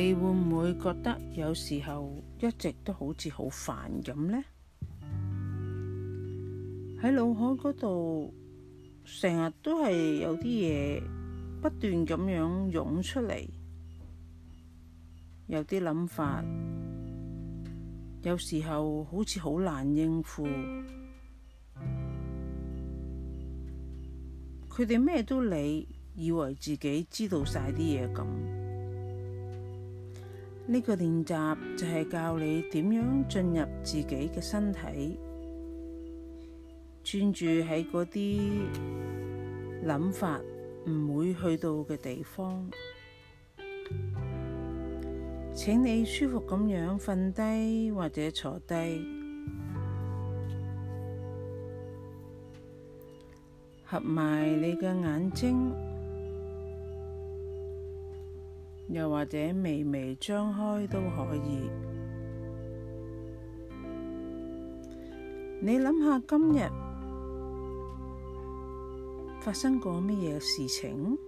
你會唔會覺得有時候一直都好似好煩咁呢？喺腦海嗰度成日都係有啲嘢不斷咁樣湧出嚟，有啲諗法，有時候好似好難應付。佢哋咩都理，以為自己知道晒啲嘢咁。呢個練習就係教你點樣進入自己嘅身體，專注喺嗰啲諗法唔會去到嘅地方。請你舒服咁樣瞓低或者坐低，合埋你嘅眼睛。又或者微微張開都可以。你諗下，今日發生過乜嘢事情？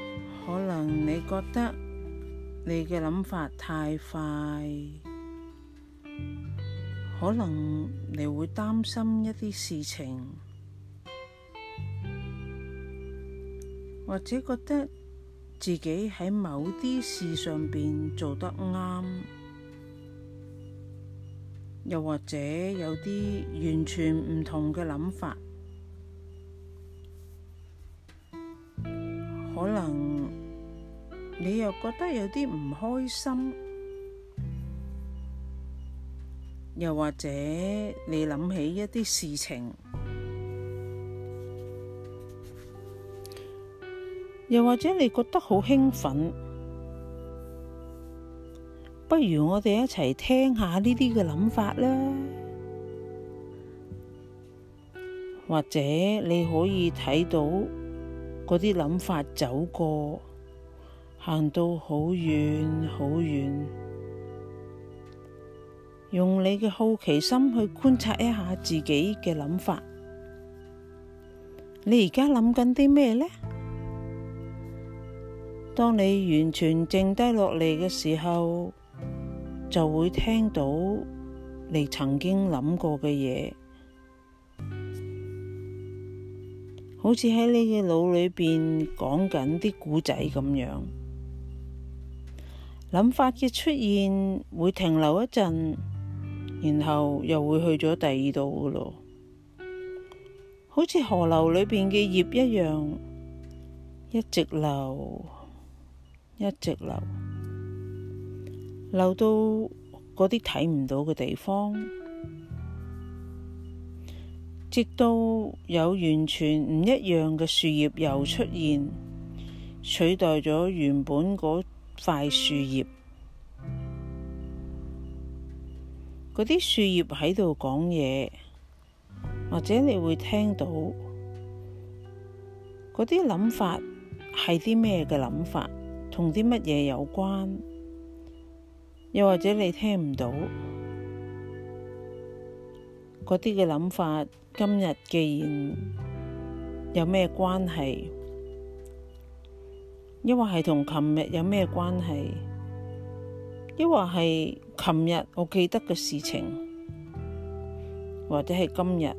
可能你覺得你嘅諗法太快，可能你會擔心一啲事情。或者覺得自己喺某啲事上邊做得啱，又或者有啲完全唔同嘅諗法，可能你又覺得有啲唔開心，又或者你諗起一啲事情。又或者你覺得好興奮，不如我哋一齊聽下呢啲嘅諗法啦。或者你可以睇到嗰啲諗法走過，行到好遠好遠。用你嘅好奇心去觀察一下自己嘅諗法。你而家諗緊啲咩呢？當你完全靜低落嚟嘅時候，就會聽到你曾經諗過嘅嘢，好似喺你嘅腦裏邊講緊啲古仔咁樣。諗法嘅出現會停留一陣，然後又會去咗第二度嘅咯，好似河流裏邊嘅葉一樣，一直流。一直流，流到嗰啲睇唔到嘅地方，直到有完全唔一樣嘅樹葉又出現，取代咗原本嗰塊樹葉。嗰啲樹葉喺度講嘢，或者你會聽到嗰啲諗法，係啲咩嘅諗法？同啲乜嘢有關？又或者你聽唔到嗰啲嘅諗法？今日既然有咩關係？抑或係同琴日有咩關係？抑或係琴日我記得嘅事情，或者係今日，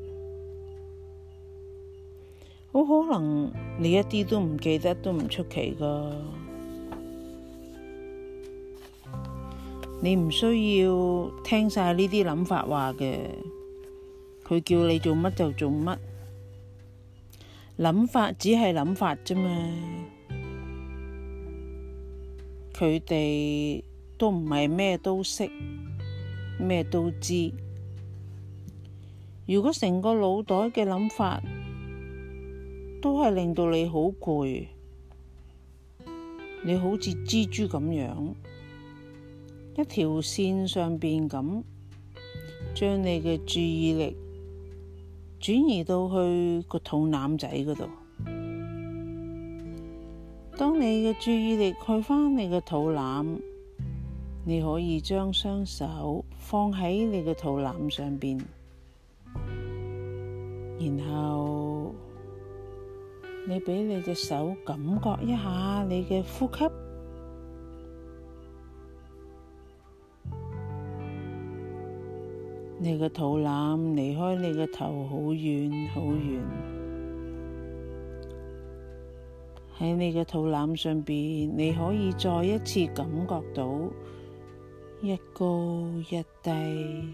好可能你一啲都唔記得，都唔出奇噶。你唔需要聽晒呢啲諗法話嘅，佢叫你做乜就做乜，諗法只係諗法啫嘛。佢哋都唔係咩都識，咩都知。如果成個腦袋嘅諗法都係令到你好攰，你好似蜘蛛咁樣。一條線上邊咁，將你嘅注意力轉移到去個肚腩仔嗰度。當你嘅注意力去翻你嘅肚腩，你可以將雙手放喺你嘅肚腩上邊，然後你俾你隻手感覺一下你嘅呼吸。你個肚腩離開你個頭好遠好遠，喺你個肚腩上面。你可以再一次感覺到一高一低，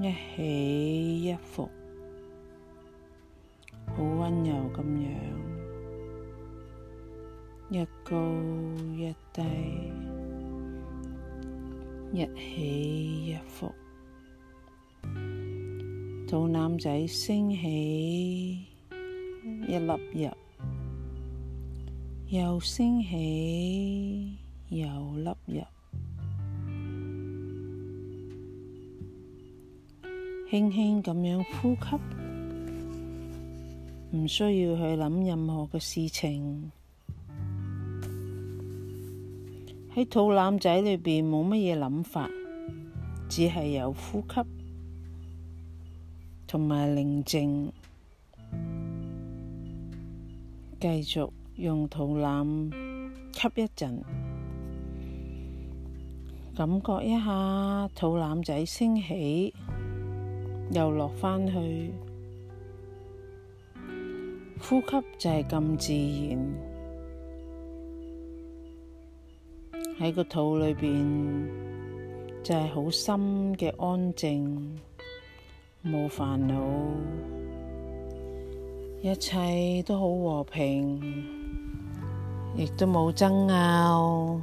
一起一伏，好溫柔咁樣，一高一低。一起一伏，肚腩仔升起，一粒入，又升起，又粒入，輕輕咁樣呼吸，唔需要去諗任何嘅事情。喺肚腩仔裏邊冇乜嘢諗法，只係有呼吸同埋寧靜，繼續用肚腩吸一陣，感覺一下肚腩仔升起又落返去，呼吸就係咁自然。喺個肚裏邊就係、是、好深嘅安靜，冇煩惱，一切都好和平，亦都冇爭拗。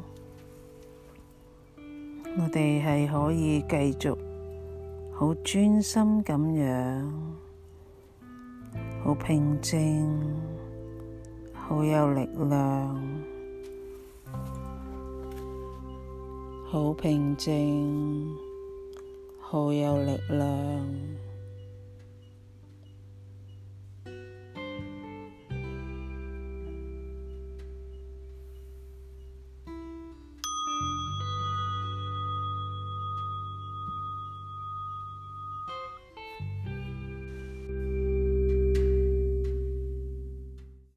我哋係可以繼續好專心咁樣，好平靜，好有力量。好平靜，好有力量。